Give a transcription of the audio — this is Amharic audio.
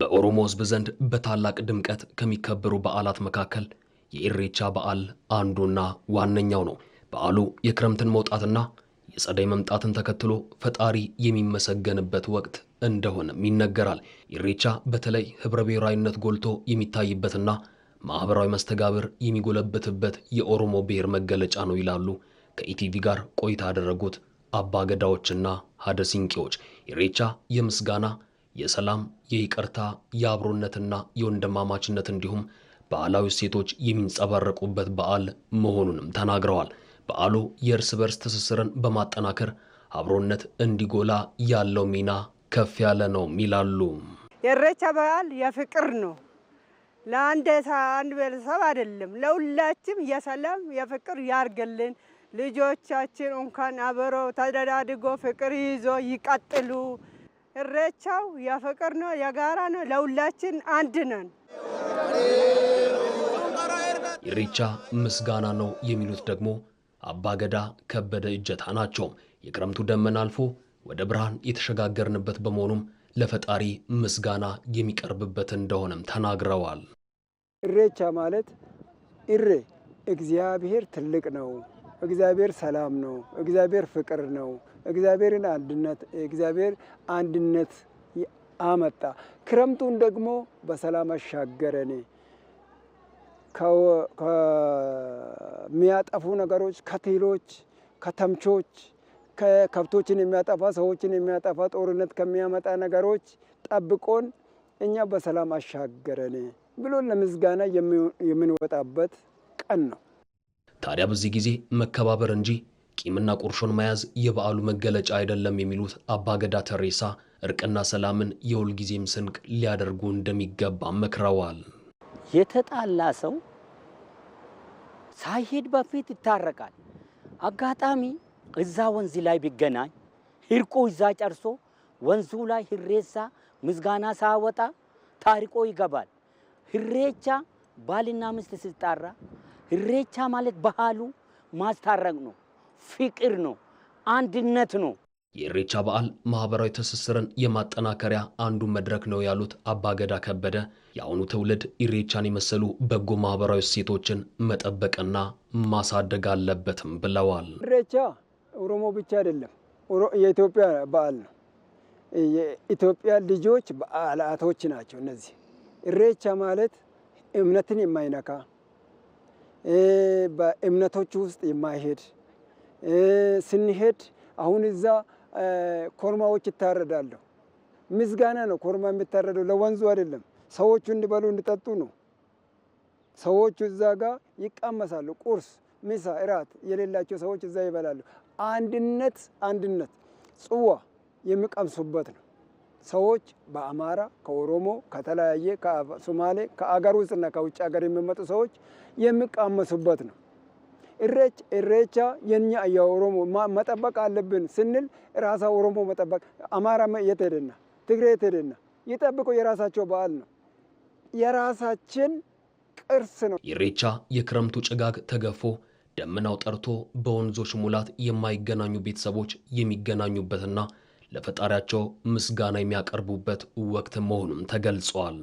በኦሮሞ ህዝብ ዘንድ በታላቅ ድምቀት ከሚከበሩ በዓላት መካከል የኢሬቻ በዓል አንዱና ዋነኛው ነው። በዓሉ የክረምትን መውጣትና የጸደይ መምጣትን ተከትሎ ፈጣሪ የሚመሰገንበት ወቅት እንደሆነም ይነገራል። ኢሬቻ በተለይ ህብረ ብሔራዊነት ጎልቶ የሚታይበትና ማኅበራዊ መስተጋብር የሚጎለብትበት የኦሮሞ ብሔር መገለጫ ነው ይላሉ ከኢቲቪ ጋር ቆይታ ያደረጉት አባገዳዎችና ገዳዎችና ሀደ ሲንቄዎች። ኢሬቻ የምስጋና የሰላም፣ የይቅርታ፣ የአብሮነትና የወንድማማችነት እንዲሁም ባህላዊ እሴቶች የሚንጸባረቁበት በዓል መሆኑንም ተናግረዋል። በዓሉ የእርስ በርስ ትስስርን በማጠናከር አብሮነት እንዲጎላ ያለው ሚና ከፍ ያለ ነው ይላሉ። የኢሬቻ በዓል የፍቅር ነው። ለአንድ አንድ ቤተሰብ አይደለም፣ ለሁላችም የሰላም የፍቅር ያርግልን። ልጆቻችን እንኳን አብሮ ተደዳድጎ ፍቅር ይዞ ይቀጥሉ። እሬቻው የፍቅር ነው፣ የጋራ ነው፣ ለሁላችን አንድ ነን። ኢሬቻ ምስጋና ነው የሚሉት ደግሞ አባገዳ ከበደ እጀታ ናቸው። የክረምቱ ደመና አልፎ ወደ ብርሃን የተሸጋገርንበት በመሆኑም ለፈጣሪ ምስጋና የሚቀርብበት እንደሆነም ተናግረዋል። እሬቻ ማለት እሬ እግዚአብሔር ትልቅ ነው እግዚአብሔር ሰላም ነው፣ እግዚአብሔር ፍቅር ነው፣ እግዚአብሔርን አንድነት እግዚአብሔር አንድነት አመጣ። ክረምቱን ደግሞ በሰላም አሻገረን ከሚያጠፉ ነገሮች፣ ከትሎች፣ ከተምቾች፣ ከከብቶችን የሚያጠፋ ሰዎችን የሚያጠፋ ጦርነት ከሚያመጣ ነገሮች ጠብቆን እኛ በሰላም አሻገረን ብሎ ለምስጋና የምንወጣበት ቀን ነው። ታዲያ በዚህ ጊዜ መከባበር እንጂ ቂምና ቁርሾን መያዝ የበዓሉ መገለጫ አይደለም የሚሉት አባገዳ ተሬሳ እርቅና ሰላምን የሁል ጊዜም ስንቅ ሊያደርጉ እንደሚገባ መክረዋል። የተጣላ ሰው ሳይሄድ በፊት ይታረቃል። አጋጣሚ እዛ ወንዝ ላይ ቢገናኝ ሂርቆ እዛ ጨርሶ ወንዙ ላይ ህሬሳ ምዝጋና ሳወጣ ታሪቆ ይገባል። ህሬቻ ባልና ምስት ስጣራ እሬቻ ማለት ባህሉ ማስታረቅ ነው፣ ፍቅር ነው፣ አንድነት ነው። የእሬቻ በዓል ማህበራዊ ትስስርን የማጠናከሪያ አንዱ መድረክ ነው ያሉት አባገዳ ከበደ የአሁኑ ትውልድ ኢሬቻን የመሰሉ በጎ ማህበራዊ እሴቶችን መጠበቅና ማሳደግ አለበትም ብለዋል። ኢሬቻ ኦሮሞ ብቻ አይደለም፣ የኢትዮጵያ በዓል ነው። የኢትዮጵያ ልጆች በዓላቶች ናቸው እነዚህ። ኢሬቻ ማለት እምነትን የማይነካ በእምነቶች ውስጥ የማይሄድ ስንሄድ አሁን እዛ ኮርማዎች ይታረዳሉ። ምስጋና ነው ኮርማ የሚታረደው ለወንዙ አይደለም። ሰዎቹ እንዲበሉ እንዲጠጡ ነው። ሰዎቹ እዛ ጋር ይቃመሳሉ። ቁርስ፣ ምሳ፣ እራት የሌላቸው ሰዎች እዛ ይበላሉ። አንድነት አንድነት ጽዋ የሚቀምሱበት ነው። ሰዎች በአማራ ከኦሮሞ ከተለያየ ከሶማሌ ከአገር ውስጥና ከውጭ ሀገር የሚመጡ ሰዎች የሚቃመሱበት ነው። እሬች እሬቻ የኛ የኦሮሞ መጠበቅ አለብን ስንል ራሳ ኦሮሞ መጠበቅ አማራ የት ሄደና ትግሬ የት ሄደና ይጠብቁ የራሳቸው በዓል ነው የራሳችን ቅርስ ነው። እሬቻ የክረምቱ ጭጋግ ተገፎ ደመናው ጠርቶ በወንዞች ሙላት የማይገናኙ ቤተሰቦች የሚገናኙበትና ለፈጣሪያቸው ምስጋና የሚያቀርቡበት ወቅት መሆኑም ተገልጿል።